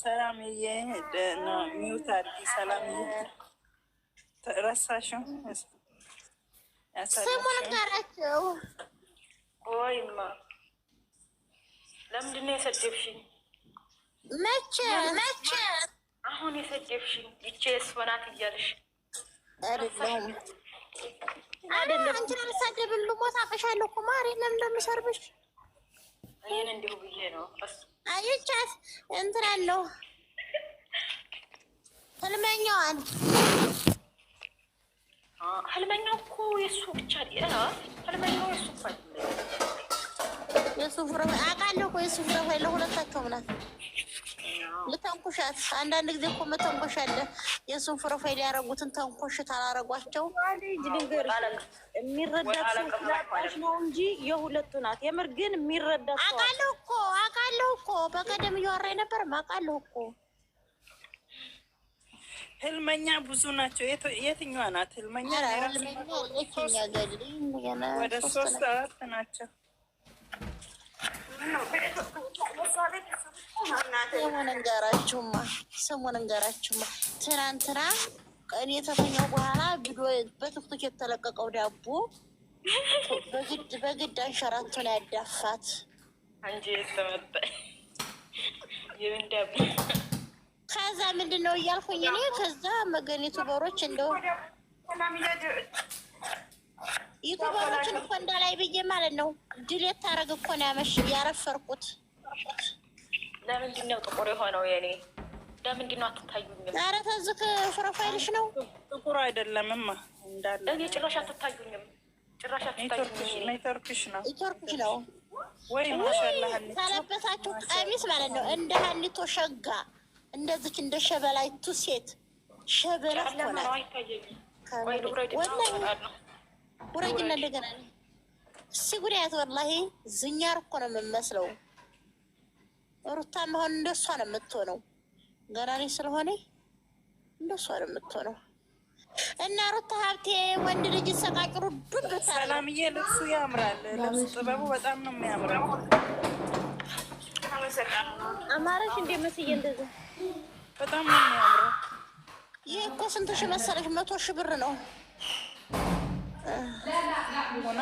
ሰላምዬ ሚውት አድርጊ። ሰላምዬ ረሳሽው ስሙን ቀረችው። ወይማ ለምንድን ነው የሰደብሽኝ? መቼ መቼ አሁን የሰደብሽኝ? ይቼ ስሆናት እያልሽ አይደለም። አንቺ ለምሳደብ ልሞት አፈሻለሁ እኮ ማሬ። ለምን እንደምሰርብሽ ይህን እንዲሁ ብዬ ነው እሱ አየቻት እንትን አለው ህልመኛዋን ህልመኛው እኮ የእሱ ብቻ ህልመኛው የእሱ ፋይል የእሱ ፕሮፋይል አውቃለሁ እኮ የእሱ ፕሮፋይል ለሁለታቸውም ናት። ልተንኩሻት። አንዳንድ ጊዜ እኮ መተንኮሽ አለ። የእሱን ፕሮፋይል ያደረጉትን ተንኮሽ ታላረጓቸው የሚረዳት ሰው ስላጣሽ ነው እንጂ የሁለቱ ናት። የምር ግን የሚረዳት ሰው አውቃለሁ እኮ አውቃለሁ እኮ በቀደም እያወራ ነበር። አውቃለሁ እኮ ህልመኛ ብዙ ናቸው። የትኛዋ ናት ህልመኛ? ወደ ሶስት አራት ናቸው። ስሙን እንገራችሁማ ስሙን እንገራችሁማ ትናንትና እኔ የተተኛው በኋላ ቪዲዮ በቲክቶክ የተለቀቀው ዳቦ በግድ አንሸራቶን ያዳፋት እንጂ ዳቦ ከዛ ምንድን ነው እያልኩኝ እኔ ከዛ መገኔቱ በሮች እንደው ዩቱበሮችን እኮ እንዳላይ ብዬ ማለት ነው። ድሌት ታረግ እኮ ነው ያመሽ ያረፈርኩት። ለምንድን ነው ጥቁር የሆነው የኔ? ለምንድን ነው አትታዩኝም? ኧረ ተዝክ ፕሮፋይልሽ ነው ጥቁር አይደለምማ። እንዳለ እኔ ጭራሽ አትታዩኝም፣ ጭራሽ ኔትወርክሽ ነው ኔትወርክሽ ወይ? ማሻአላህ ተለበሳችሁ ቀሚስ ማለት ነው እንደ ሀኒቶ ሸጋ እንደዚች እንደ ሸበላይቱ ሴት ሸበላ ለማለት ነው። ውረጅና እንደገና እሺ ጉዳያት ወላሂ ዝኛር እኮ ነው የምመስለው። ሩታ መሆን እንደሷ ነው የምትሆነው። ገናኔ ስለሆነ እንደሷ ነው የምትሆነው። እና ሩታ ሀብቴ ወንድ ልጅ ሰቃቅሩ ዱብ ሰላምዬ፣ ልብሱ ያምራል። ልብሱ ጥበቡ በጣም ነው የሚያምረው። አማረሽ እንደ መስዬ እንደዚህ በጣም ነው የሚያምረው። ይህ እኮ ስንት ሺህ መሰለሽ? መቶ ሺህ ብር ነው ሆነ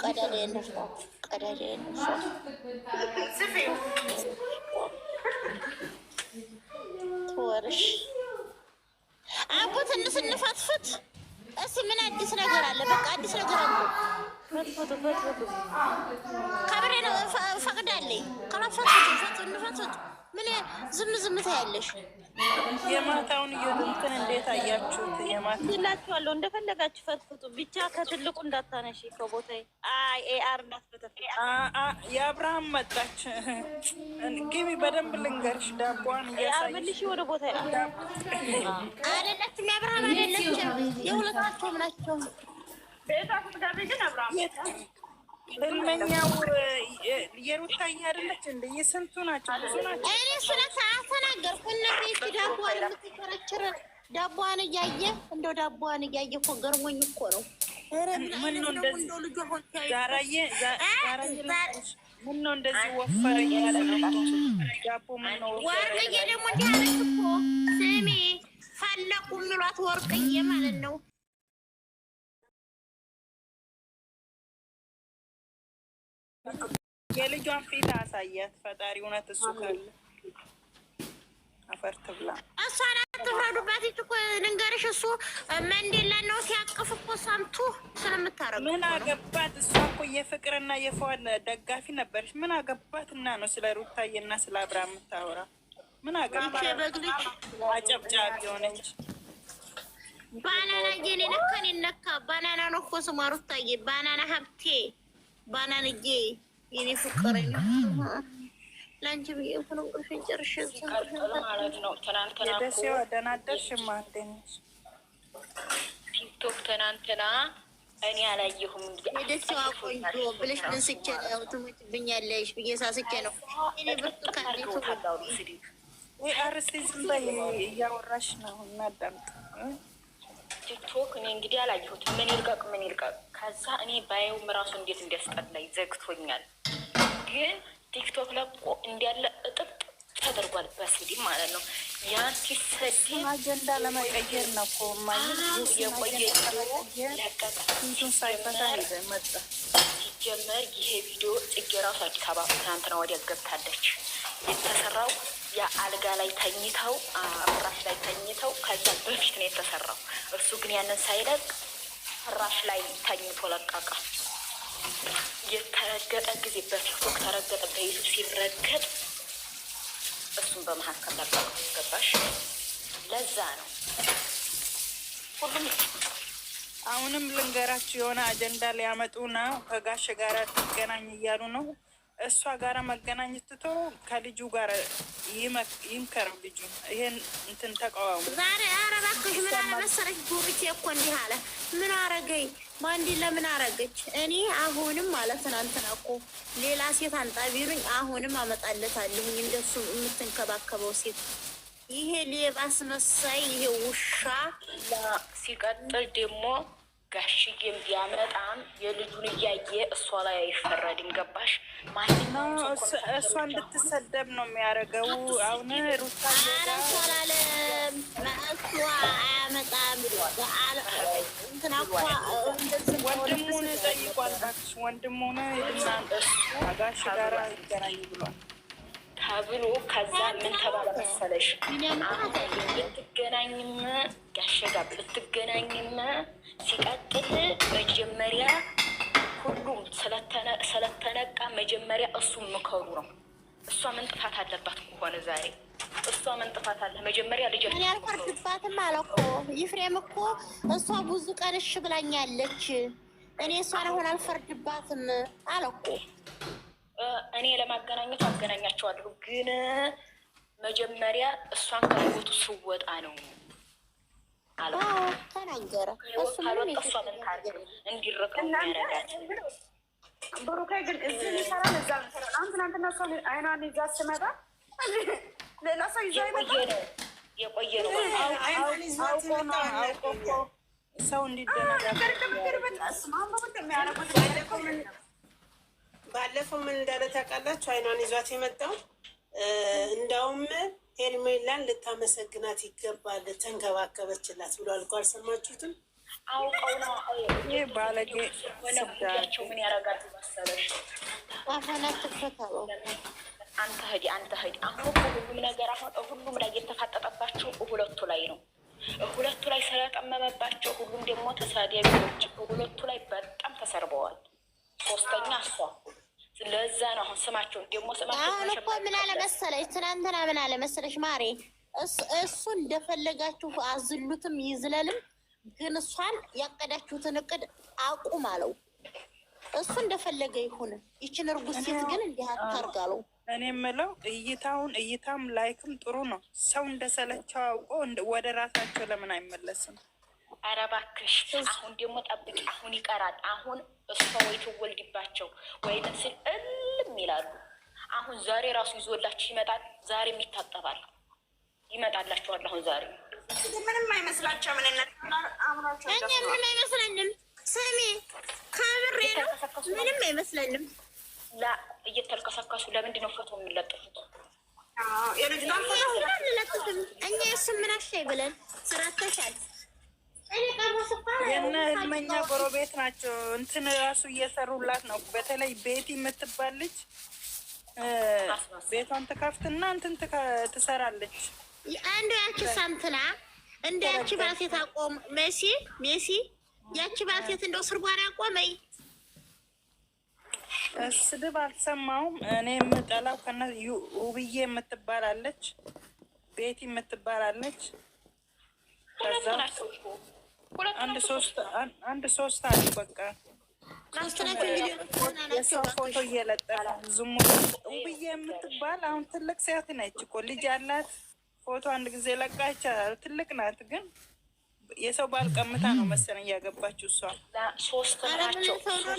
ቀዳዳ የነሷ ቀዳዳ የነሷ ትወርሽ አቦ ትንሽ እንፈትፍት እስኪ ምን አዲስ ነገር አለ? በቃ አዲስ ነገር አለ። ከብሬ ነው ፈቅዳለኝ። ካላፈቅድ ፈቅድ ምን ዝም ዝም ታያለሽ? የማታውን እየዱምትን እንዴት አያችሁት? የማታ እንደፈለጋችሁ ፈትፍጡ፣ ብቻ ከትልቁ እንዳታነሺ ከቦታ አይ ኤአር እንዳትፈተፍ። የአብርሃም መጣች ግቢ በደንብ ልንገርሽ። ዳቦዋን እያሳይ መልሽ ወደ ቦታ አይደለችም። የአብርሃም አይደለችም። የሁለታቸውም ናቸው። እልመኛው የሩታዬ አይደለች እንደ የስንቱ ናቸው ብዙ ናቸው። እኔ ስለ አልተናገርኩ እነቤት ዳቧን የምትከረችር ዳቧን እያየ እንደው ዳቧን እያየ እኮ ገርሞኝ እኮ ነው። ወርቅዬ ደግሞ እንዲህ አለች እኮ ስሜ ፈለቁ የሚሏት ወርቅዬ ማለት ነው የልጇን ፊት አሳያት ፈጣሪ። እውነት እሱ ካለ አፈር ትብላ። እሷን አትፍረዱባት። እኮ ልንገርሽ፣ እሱ መንዴላ ነው ሲያቅፍ እኮ ሰምቱ ስለምታረግ ምን አገባት? እሷ እኮ የፍቅርና የፈዋን ደጋፊ ነበረች። ምን አገባት? እና ነው ስለ ሩታዬና ስለ አብራ የምታወራ ምን አገባት? አጨብጫቢ ሆነች። ባናና እየኔ ነካ ነካ ባናና ነው እኮ ስሟ ባናና ሀብቴ ባናንዬ የኔ ፍቅር ለአንቺ ብዬ እንኳን እንቅልፌን ጨርሼ ማለት ነው። ቲክቶክ ትናንትና እኔ አላየሁም። ቆንጆ ብለሽ ነስቼ ነው ትሞጭብኛለሽ ብዬ ሳስቼ ነው እኔ ዝም በይ እያወራሽ ነው። እናዳምጥ ቲክቶክ እኔ እንግዲህ አላየሁትም። ምን ይልቀቅ ምን ይልቀቅ ከዛ እኔ ባየውም ራሱ እንዴት እንዲያስጠላኝ ዘግቶኛል። ግን ቲክቶክ ለቆ እንዲያለ እጥብጥ ተደርጓል በስድብ ማለት ነው። ያንቺ ስድብ አጀንዳ ለመቀየር ነው እኮ የቆየ ቪዲዮ ሳይፈታ ሲጀመር ይሄ ቪዲዮ ጽጌ ራሱ አዲስ አበባ ትናንትና ወዲያ ገብታለች። የተሰራው የአልጋ ላይ ተኝተው ፍራሽ ላይ ተኝተው ከዛ በፊት ነው የተሰራው። እሱ ግን ያንን ሳይለቅ ፍራሽ ላይ ተኝቶ ለቀቀ። የተረገጠ ጊዜ በቲክቶክ ተረገጠ፣ በዩቱብ ሲረገጥ እሱን በመካከል ለቀቀ። ገባሽ? ለዛ ነው ሁሉም አሁንም ልንገራችሁ የሆነ አጀንዳ ሊያመጡ ነው። ከጋሽ ጋር ትገናኝ እያሉ ነው። እሷ ጋር መገናኘት ትቶ ከልጁ ጋር ይምከር። ልጁ ይሄን እንትን ተቃዋሙ ዛሬ አረባ መሰለሽ ጉብቼ እኮ እንዲህ አለ። ምን አረገኝ ማንዲ ለምን አረገች? እኔ አሁንም ማለት ትናንትና እኮ ሌላ ሴት አንጣቢሩኝ አሁንም አመጣለታለሁኝ እንደሱ የምትንከባከበው ሴት። ይሄ ሌባስ መሳይ ይሄ ውሻ። ሲቀጥል ደግሞ ጋሽዬም ቢያመጣም የልጁን እያየ እሷ ላይ አይፈረድም። ገባሽ? ማንኛውም እሷ እንድትሰደብ ነው የሚያደርገው። አሁን ሩታ አላለም እሷ ወንድሙን ጠይቋል። ወንድሙን ጋሽ ጋራ ይገናኝ ብሏል። ተብሎ ከዛ ምን ተባለ መሰለሽ፣ ብትገናኝም ያሸጋ ብትገናኝም፣ ሲቀጥል መጀመሪያ ሁሉም ስለተነቃ መጀመሪያ እሱ ምከሩ ነው። እሷ ምን ጥፋት አለባት ከሆነ ዛሬ እሷ ምን ጥፋት አለ? መጀመሪያ ልጅ እኔ አልኮርትባትም አለ እኮ ይፍሬም እኮ እሷ ብዙ ቀን እሺ ብላኛለች። እኔ እሷን አሁን አልፈርድባትም አለ እኮ እኔ ለማገናኘት አገናኛቸዋለሁ፣ ግን መጀመሪያ እሷን ከህይወቱ ስወጣ ነው ተናገረ። ካልወጣ ግን እዚህ የሚሰራ ለዛ አሁን ትናንትና እሷ አይኗን ይዛ ስመጣ ሌላ ሰው ይዞ አይመጣ የቆየ ነው ሰው እንዲደነጋገር ባለፈው ምን እንዳለ ታውቃላችሁ? አይኗን ይዟት የመጣው እንዳውም ሄርሜላን ልታመሰግናት ይገባል ተንከባከበችላት ብሎ አልኩ። አልሰማችሁትም? ይህ ባለጌ ሆነቸው። ምን ያረጋት መሰለሽ? አንተ ህዲ አንተ ህዲ አሁን ሁሉም ነገር አሁን ሁሉም ላይ የተፋጠጠባቸው ሁለቱ ላይ ነው ሁለቱ ላይ ስለጠመመባቸው ሁሉም ደግሞ ተሳዲያ ተሳዳቢዎች ሁለቱ ላይ በጣም ተሰርበዋል። ሶስተኛ እሷ ለዛ ነው አሁን ስማቸው ደግሞ ስማቸው። አሁን እኮ ምን አለ መሰለሽ፣ ትናንትና ምን አለ መሰለሽ ማሬ፣ እሱ እንደፈለጋችሁ አዝሉትም ይዝለልም፣ ግን እሷን ያቀዳችሁትን እቅድ አቁም አለው። እሱ እንደፈለገ ይሁን፣ ይችን እርጉዝ ሴት ግን እንዲህ አታርግ እኔ የምለው እይታውን እይታም ላይክም ጥሩ ነው። ሰው እንደሰለቸው አውቆ ወደ ራሳቸው ለምን አይመለስም? ኧረ እባክሽ አሁን ደግሞ ጠብቂ፣ አሁን ይቀራል። አሁን እሷ ወይ ትወልድባቸው ወይንም ስል እልም ይላሉ። አሁን ዛሬ ራሱ ይዞላችሁ ይመጣል። ዛሬም ይታጠባል፣ ይመጣላችኋል። አሁን ዛሬ ምንም አይመስላቸው። ምን ምንም አይመስለንም። ስሚ ከምሬ ነው፣ ምንም አይመስለንም። ላ እየተልከሰከሱ ለምንድን ነው ፎቶ የሚለጥፉት? የልጅ ፎቶ ለጥፍም እኛ የሱ ምናሻ ይብለን ብለን ስራተሻል የእነ ህልመኛ ጎረቤት ናቸው። እንትን ራሱ እየሰሩላት ነው። በተለይ ቤቲ የምትባል ልጅ ቤቷን ትከፍትና እንትን ትሰራለች። አንዱ ያቺ ሳንትና እንደ ያቺ ባልቴት አቆም መሲ መሲ ያቺ ባልቴት እንደው ስርቧን አቆመኝ። ስድብ አልሰማውም። እኔ የምጠላው ከነ ውብዬ የምትባላለች ቤቲ የምትባላለች ከዛ አንድ ሶስት አሉ። በቃ የሰው ፎቶ እየለጠፈ ዝሙት ውብዬ የምትባል አሁን ትልቅ ሴት ነች እኮ ልጅ አላት። ፎቶ አንድ ጊዜ ለቃቻ ትልቅ ናት፣ ግን የሰው ባል ቀምታ ነው መሰለኝ እያገባችው። እሷ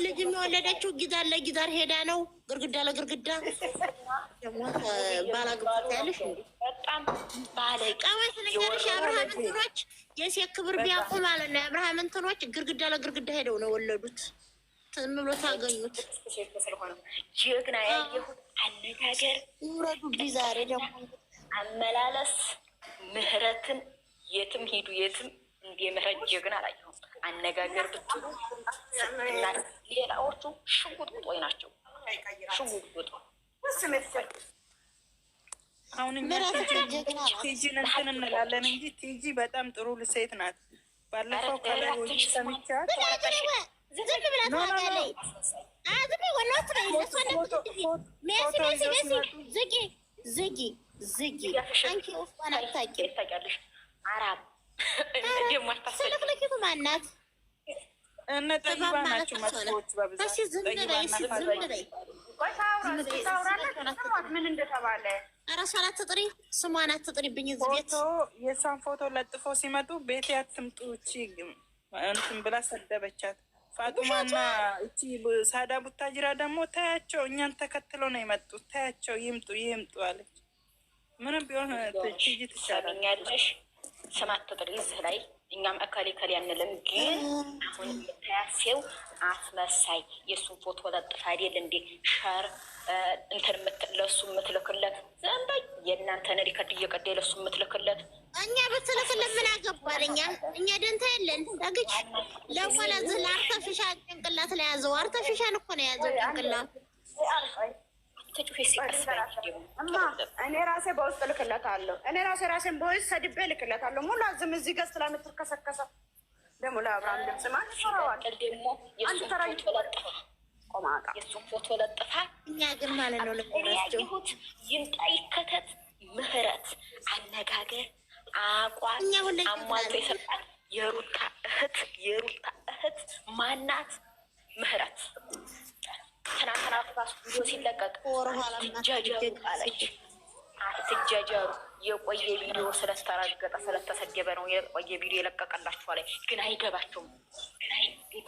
ልጅ ጊዛር ለጊዛር ሄዳ ነው፣ ግርግዳ ለግርግዳ ባላግባት ያለሽ በጣም ባለጌ ቀወስ የአብርሃም እንትኖች የሴት ክብር ቢያውቁ ማለት ነው። የአብርሃም እንትኖች ግርግዳ ለግርግዳ ሄደው ነው ወለዱት። ዝም ብሎ ታገኙት። ጀግና ያየሁት አነጋገር ውረዱ። ዛሬ ደግሞ አመላለስ ምህረትን የትም ሄዱ የትም እንደ ምህረት ጀግና አላየሁም። አነጋገር ብትሉ ሌላዎቹ ሽጉጥቁጦች ናቸው። ሽጉጥ ሽጉጥቁጦ አሁን እኛ ቲጂ እንትን እንላለን እንጂ ቲጂ በጣም ጥሩ ልሴት ናት። ባለፈው ከላይ ሰምቻት ዝም በይ ምን እንደተባለ እራሷን አትጥሪ፣ ስሟን አትጥሪብኝ። ቤት የእሷን ፎቶ ለጥፎ ሲመጡ ቤቴ አትምጡ እንትን ብላ ሰደበቻት። ፋጡማና እቺ ሳዳ ቡታጅራ ደግሞ ታያቸው፣ እኛን ተከትሎ ነው የመጡት። ታያቸው ይምጡ ይምጡ አለች። ምንም ቢሆን ትጅ ትሻላለች። ስማ አትጥሪ እዚህ ላይ እኛም እከሌ ከሌ አንልም። ግን አሁን የምታያት አስመሳይ የእሱን ፎቶ ለጥፍ አይደል እንዴ ሸር እንትን ለሱ የምትልክለት ዘንበ የእናንተን ሪከርድ እየቀደ ለሱ የምትልክለት እኛ ብትልክልን ምን አገባል? እኛ እኛ ደንታ የለን። ጠግች ለኮለዝ ለአርተፊሻል ጭንቅላት ለያዘው ያዘው። አርተፊሻል እኮ ነው የያዘው ጭንቅላት እኔ ራሴ በውስጥ እልክለታለሁ። እኔ ራሴ ራሴን በውስጥ ሰድቤ እልክለታለሁ። ሙሉ አዝም እዚህ ገዝ ስለምትርከሰከሰ ደግሞ ለአብርሃም ድምፅ ማለት ይኖረዋል። ደግሞ አንድ ተራጅ ቆማጣ የእሱን ፎቶ ለጥፋ። እኛ ግን ማለት ነው ልናያሁት ይምጣ ይከተት፣ ምህረት፣ አነጋገር፣ አቋም አሟልቶ የሰጣት የሩታ እህት የሩታ እህት ማናት ምህረት ትናንትና ራሱ ቪዲዮ ሲለቀቅ አትጃጃሩ። የቆየ ቪዲዮ ስለተረገጠ ስለተሰደበ ነው የቆየ ቪዲዮ የለቀቀላችሁ ላይ ግን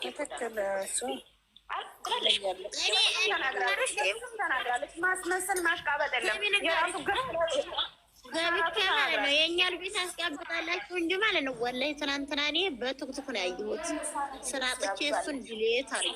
ትናንትና እኔ ነው ያየሁት ስራ እሱን ድሌት አለ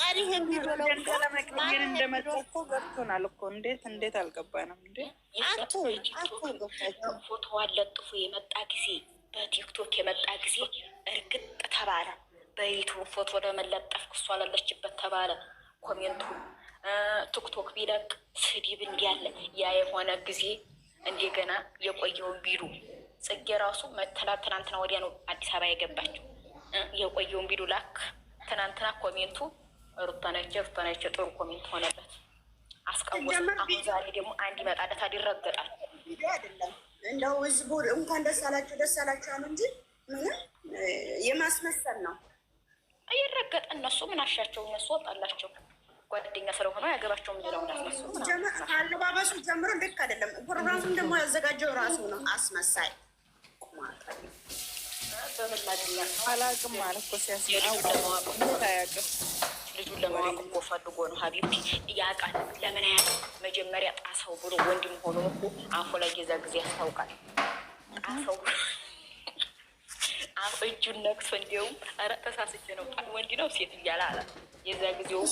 ቀሪህን ለመቀየር እኮ ገብቶናል እኮ እንዴት እንዴት አልገባንም እንዴ? ፎቶ አለጥፎ የመጣ ጊዜ በቲክቶክ የመጣ ጊዜ እርግጥ ተባለ። በዩቱብ ፎቶ ለመለጠፍ እሷ አላለችበት ተባለ። ኮሜንቱ ቲክቶክ ቢለቅ ስድብ እንዲያለ ያ የሆነ ጊዜ እንደገና የቆየውን ቢሉ ጽጌ ራሱ ትናንትና ወዲያ ነው አዲስ አበባ የገባችው። የቆየውን ቢሉ ላክ ትናንትና ኮሜንቱ ሩታናቸ ሩታናቸ ጥሩ ኮሜንት ሆነበት አስቀወሰ። አሁን ዛሬ ደግሞ አንድ ይመጣለት ይረገጣል። አይደለም እንደው ህዝቡ እንኳን ደስ አላችሁ ደስ አላችሁ አሉ እንጂ ምንም የማስመሰል ነው እየረገጠ። እነሱ ምን አሻቸው? እነሱ ወጣላቸው ጓደኛ ስለሆነ ያገባቸው የሚለውን አስመስሉ። አለባበሱ ጀምሮ ልክ አይደለም። ፕሮግራሙን ደግሞ ያዘጋጀው ራሱ ነው አስመሳይ። አላቅም ማለት እኮ ሲያስ አያውቅም ልጁን ለማወቅ እኮ ፈልጎ ነው። ሀቢብቲ እያቃል ለምን ያህል መጀመሪያ ጣሰው ብሎ ወንድም ሆኖ እኮ አፎ ላይ የዛ ጊዜ ያስታውቃል። ጣሰው ብሎ እጁን ነክሶ እንዲያውም ኧረ ተሳስቼ ነው ወንድ ነው ሴት እያለ አላት። የዛ ጊዜው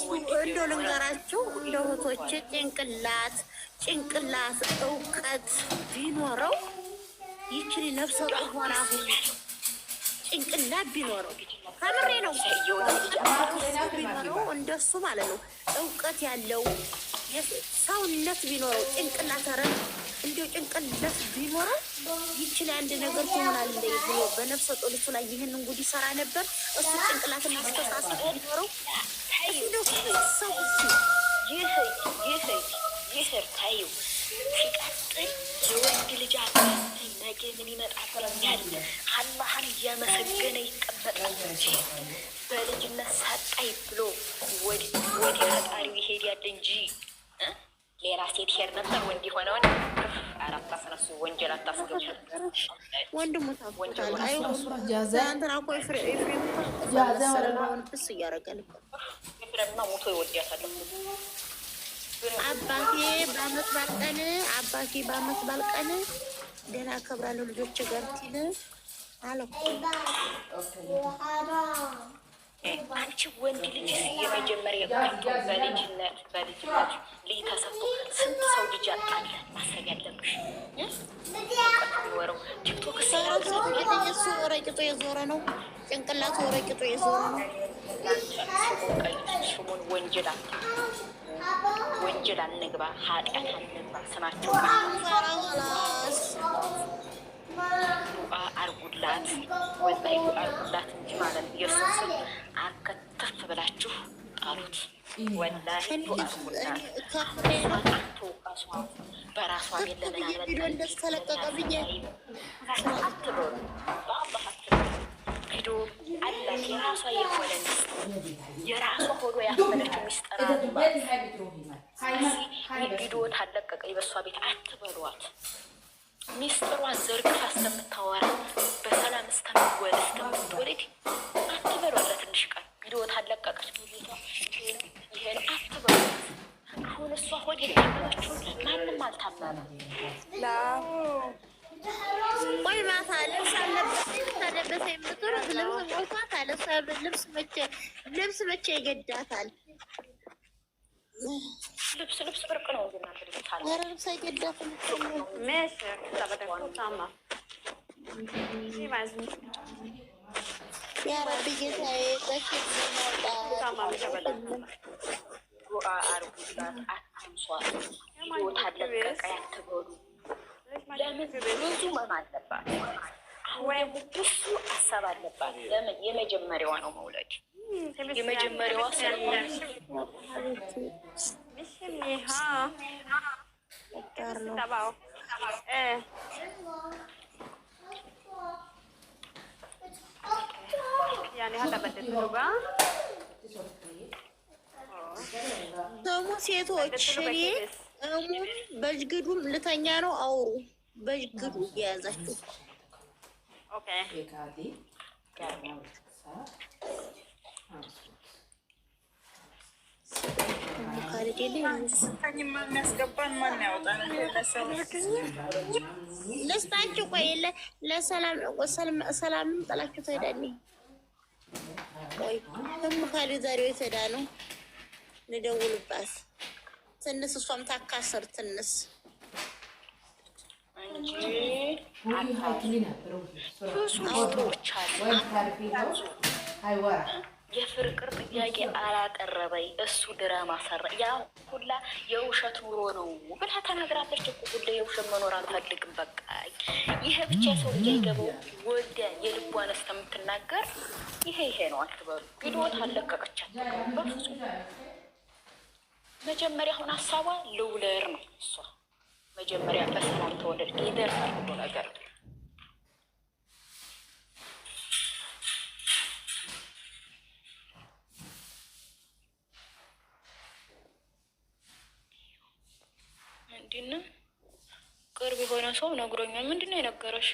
እንዶ ልንገራችሁ ለእህቶች ጭንቅላት ጭንቅላት እውቀት ቢኖረው ይችል ነፍሰ ሆና ጭንቅላት ቢኖረው ከምሬ ነው። እንደሱ ማለት ነው እውቀት ያለው ሰውነት ቢኖረው ጭንቅላት ረን እንዲሁ ጭንቅላት ቢኖረው ላይ አንድ ነገር ትሆናል ብሎ በነፍሰ ጡርነቱ ላይ ይህን እንጉድ ይሰራ ነበር። እሱ ጭንቅላት ማስተሳሰብ ቢኖረው ሰው ይህ ይህ ይህ ታዩ ሲቀጥል የወንድ ልጅ አታስተኝ ነገ ምን ይመጣ አላህን እያመሰገነ ይቀመጣል እንጂ በልጅነት ሳጣኝ ብሎ ወደ ፈጣሪው ይሄዳል እንጂ ሌላ ሴት ሄድ ነበር ወንድ የሆነውን ወንጀል አታስገቡ። ወንድሙ ታወንትና ሞቶ ይወዳታል። አባቴ በአመት ባልቀን አባቴ በአመት ባልቀን ደህና አከብራለሁ ልጆች ጋር ሲል አለው። አንቺ ወንድ ልጅ የመጀመሪያ ቀንቶ በልጅነት በልጅነት ልጅ ተሰጥቶ ስንት ሰው ልጅ አጣለን ማሰብ ያለብሽ ቲክቶክ ሰራሱ ወረቂጦ የዞረ ነው። ጭንቅላቱ ወረቂጦ የዞረ ነው። ስሙን ወንጀል አታ ወንጀል አንግባ፣ ኃጢአት አንግባ። ስማቸው አርጉላት፣ ወላሂ ዱአ አርጉላት እንጂ ማለት ኢየሱስ አከተፍ ብላችሁ ጣሉት። ወላሂ በራሷ ቪዲዮ አላት የራሷ የሆነ የራሷ ሆኖ ያፈለች ሚስጥራ ቪዲዮ ታለቀቀ በሷ ቤት አትበሏት። ሚስጥሯ ዘርግፋ እስከምታወራ በሰላም እስከምትወል እስከምትወልድ አትበሏት። ለትንሽ ቀን ቪዲዮ ታለቀቀች ይሄን አትበሏት። አሁን እሷ ሆድ የታመመችውን ማንም አልታመመም። ቆይ ማታ ልብስ አለበሰ የምትሆነ ልብስ ሞልቷታል። ልብስ መቼ ልብስ መቼ ይገዳታል? ልብስ ልብስ ብርቅ ነው። ኧረ ልብስ አይገዳትም። የአረብ ጌታዬ በሽታ ብዙ መም አለባት ወይም ብዙ ሀሳብ አለባት። ለምን የመጀመሪያዋ ነው መውለድ የመጀመሪያዋ ሰሙ ሴቶች እሙም በጅግዱም ልተኛ ነው። አውሩ በጅግዱ እየያዛችሁ ልስጣችሁ። ቆይ ሰላምም ጥላችሁ ትሄዳለ። ቆይ እሙ ካሊ ዛሬው የተዳ ነው ልደውልባት ትንስ እሷም ታካስር ትንስ የፍርቅር ጥያቄ አላቀረበኝ እሱ ድራማ ሰራ። ያ ሁላ የውሸት ኑሮ ነው ብላ ተናግራለች እኮ ሁላ የውሸት መኖር አልፈልግም በቃ ይሄ ብቻ ሰው እያይገበው ወደ የልቧን እስከምትናገር ይሄ ይሄ ነው አትበሉ። ቪዲዮት አለቀቀቻቸው በፍጹም መጀመሪያ አሁን ሀሳቧ ልውለር ነው እሷ መጀመሪያ በሰላም ተወለድ ይደርሳል ሁሉ ነገር ምንድን ነው ቅርብ የሆነ ሰው ነግሮኛል ምንድን ነው የነገረሽ